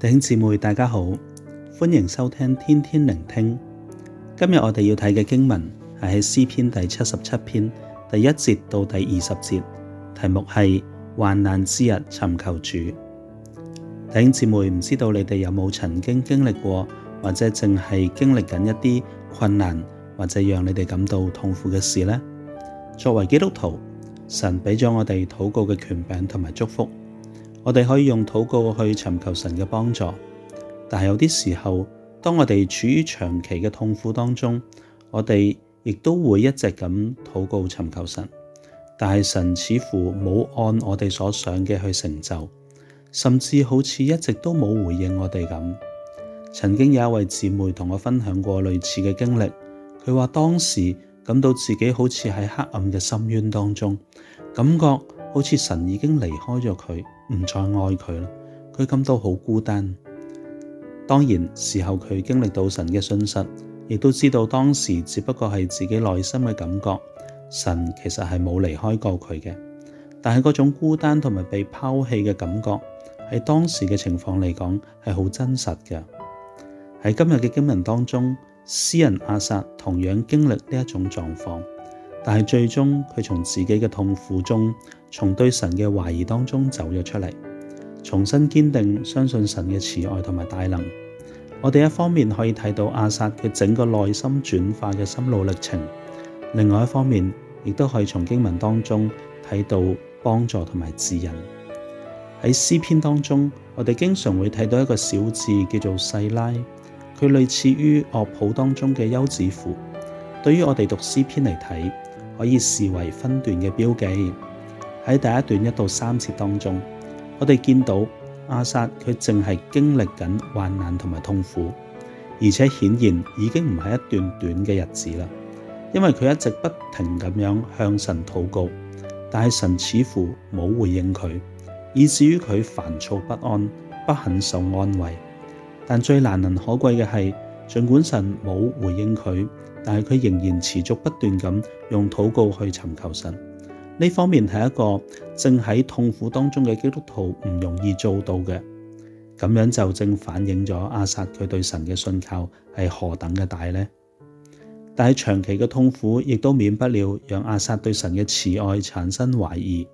弟兄姊妹，大家好，歡迎收聽天天靈聽。今日我哋要睇嘅經文係喺詩篇第七十七篇第一節到第二十節，題目係患難之日尋求主。弟兄姊妹，唔知道你哋有冇曾經經歷過，或者淨係經歷緊一啲困難，或者讓你哋感到痛苦嘅事呢？作為基督徒，神俾咗我哋禱告嘅權柄同埋祝福。我哋可以用禱告去尋求神嘅幫助，但係有啲時候，當我哋處於長期嘅痛苦當中，我哋亦都會一直咁禱告尋求神，但係神似乎冇按我哋所想嘅去成就，甚至好似一直都冇回應我哋咁。曾經有一位姊妹同我分享過類似嘅經歷，佢話當時感到自己好似喺黑暗嘅深淵當中，感覺好似神已經離開咗佢。唔再愛佢啦，佢感到好孤單。當然事後佢經歷到神嘅信實，亦都知道當時只不過係自己內心嘅感覺，神其實係冇離開過佢嘅。但係嗰種孤單同埋被拋棄嘅感覺喺當時嘅情況嚟講係好真實嘅。喺今日嘅經文當中，詩人亞薩同樣經歷呢一種狀況，但係最終佢從自己嘅痛苦中。從對神嘅懷疑當中走咗出嚟，重新堅定相信神嘅慈愛同埋大能。我哋一方面可以睇到亞薩佢整個內心轉化嘅心路歷程，另外一方面亦都可以從經文當中睇到幫助同埋指引。喺詩篇當中，我哋經常會睇到一個小字叫做細拉，佢類似於樂譜當中嘅休止符，對於我哋讀詩篇嚟睇，可以視為分段嘅標記。喺第一段一到三節當中，我哋見到亞薩佢淨係經歷緊患難同埋痛苦，而且顯然已經唔係一段短嘅日子啦。因為佢一直不停咁樣向神禱告，但係神似乎冇回應佢，以至於佢煩躁不安，不肯受安慰。但最難能可貴嘅係，盡管神冇回應佢，但係佢仍然持續不斷咁用禱告去尋求神。呢方面係一個正喺痛苦當中嘅基督徒唔容易做到嘅，咁樣就正反映咗亞薩佢對神嘅信靠係何等嘅大呢。但係長期嘅痛苦亦都免不了讓亞薩對神嘅慈愛產生懷疑。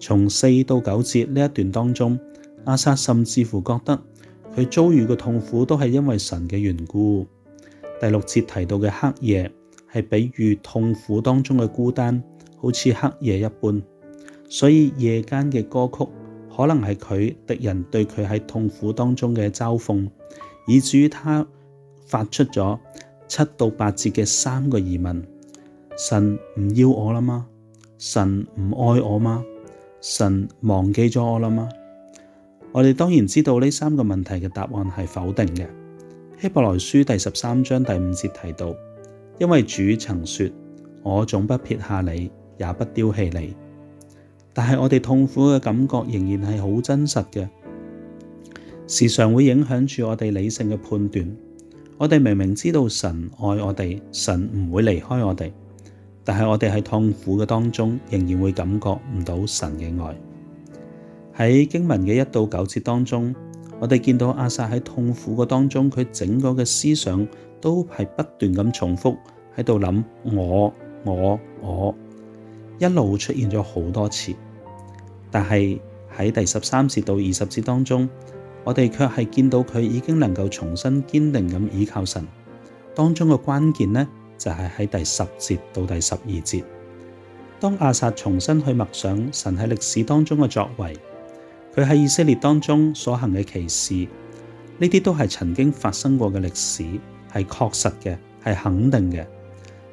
從四到九節呢一段當中，亞薩甚至乎覺得佢遭遇嘅痛苦都係因為神嘅緣故。第六節提到嘅黑夜係比喻痛苦當中嘅孤單。好似黑夜一般，所以夜間嘅歌曲可能係佢敵人對佢喺痛苦當中嘅嘲諷，以至於他發出咗七到八節嘅三個疑問：神唔要我啦嗎？神唔愛我嗎？神忘記咗我啦嗎？我哋當然知道呢三個問題嘅答案係否定嘅。希伯來書第十三章第五節提到，因為主曾說我總不撇下你。也不丟棄你，但係我哋痛苦嘅感覺仍然係好真實嘅，時常會影響住我哋理性嘅判斷。我哋明明知道神愛我哋，神唔會離開我哋，但係我哋喺痛苦嘅當中仍然會感覺唔到神嘅愛。喺經文嘅一到九節當中，我哋見到亞薩喺痛苦嘅當中，佢整個嘅思想都係不斷咁重複喺度諗我我我。我我一路出現咗好多次，但係喺第十三節到二十節當中，我哋卻係見到佢已經能夠重新堅定咁倚靠神。當中嘅關鍵呢，就係、是、喺第十節到第十二節，當亞薩重新去默想神喺歷史當中嘅作為，佢喺以色列當中所行嘅奇事，呢啲都係曾經發生過嘅歷史，係確實嘅，係肯定嘅。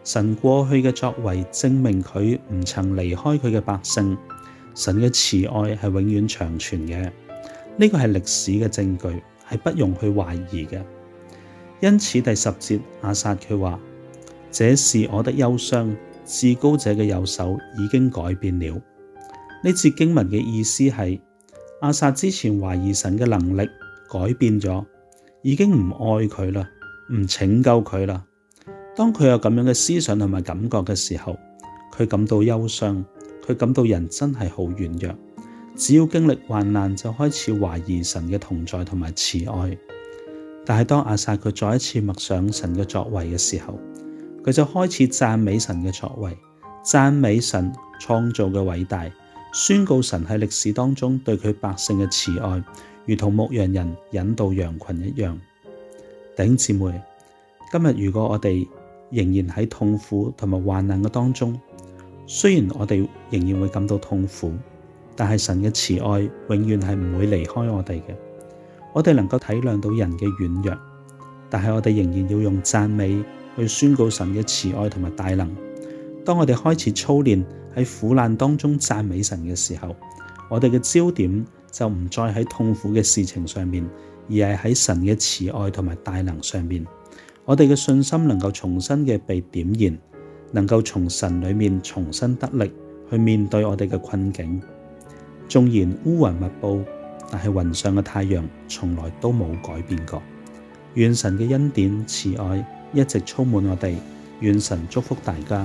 神過去嘅作為證明佢唔曾離開佢嘅百姓，神嘅慈愛係永遠長存嘅。呢、這個係歷史嘅證據，係不容去懷疑嘅。因此第十節亞薩佢話：這是我的憂傷，至高者嘅右手已經改變了。呢次經文嘅意思係亞薩之前懷疑神嘅能力改變咗，已經唔愛佢啦，唔拯救佢啦。當佢有咁樣嘅思想同埋感覺嘅時候，佢感到憂傷，佢感到人真係好軟弱。只要經歷患難，就開始懷疑神嘅同在同埋慈愛。但係當亞薩佢再一次默想神嘅作為嘅時候，佢就開始讚美神嘅作為，讚美神創造嘅偉大，宣告神喺歷史當中對佢百姓嘅慈愛，如同牧羊人引導羊群一樣。弟兄姊妹，今日如果我哋，仍然喺痛苦同埋患難嘅當中，雖然我哋仍然會感到痛苦，但係神嘅慈愛永遠係唔會離開我哋嘅。我哋能夠體諒到人嘅軟弱，但係我哋仍然要用讚美去宣告神嘅慈愛同埋大能。當我哋開始操練喺苦難當中讚美神嘅時候，我哋嘅焦點就唔再喺痛苦嘅事情上面，而係喺神嘅慈愛同埋大能上面。我哋嘅信心能夠重新嘅被點燃，能夠從神裏面重新得力去面對我哋嘅困境。縱然烏雲密布，但係雲上嘅太陽從來都冇改變過。願神嘅恩典慈愛一直充滿我哋。願神祝福大家。